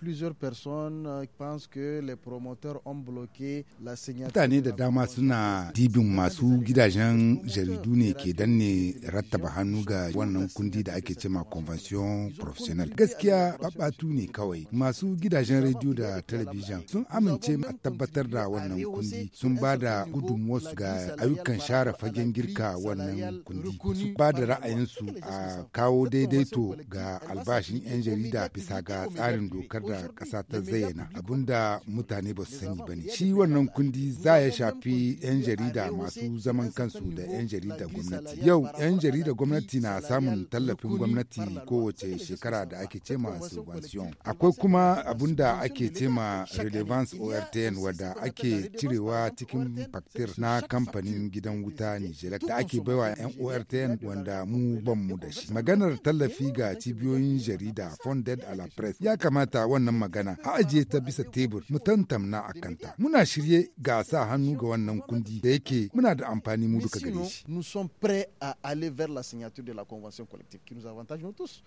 plusieurs personnes euh, pensent que les promoteurs ont bloqué la signature. Mutane da dama suna dibin masu gidajen jaridu ne ke danne rattaba hannu ga wannan kundi da ake cema convention professionnelle. Gaskiya babatu ne kawai. Masu gidajen rediyo da talabijin sun amince a tabbatar da wannan kundi sun ba da gudunmuwarsu ga ayyukan share fagen girka wannan kundi. Su ba da ra'ayinsu a kawo daidaito ga albashin 'yan jarida bisa ga tsarin dokar ga ƙasa ta zayyana abinda mutane ba su sani ba ne shi wannan kundi za ya shafi 'yan jarida masu zaman kansu da 'yan jarida gwamnati yau 'yan jarida gwamnati na samun tallafin gwamnati kowace shekara da ake cema subvention akwai kuma abin da ake cema relevance ortn wadda ake cirewa cikin faktir na kamfanin gidan wuta nijar da ake baiwa 'yan ortn wanda mu ban mu da shi maganar tallafi ga cibiyoyin jarida funded a la press ya kamata wannan magana a ajiye ta bisa tebur mu tantamna a kanta. Muna shirye ga sa hannu ga wannan kundi da yake muna da amfani mu duka gare shi. Nous sommes prêts à aller vers la signature de la convention collective qui nous avantage nous tous.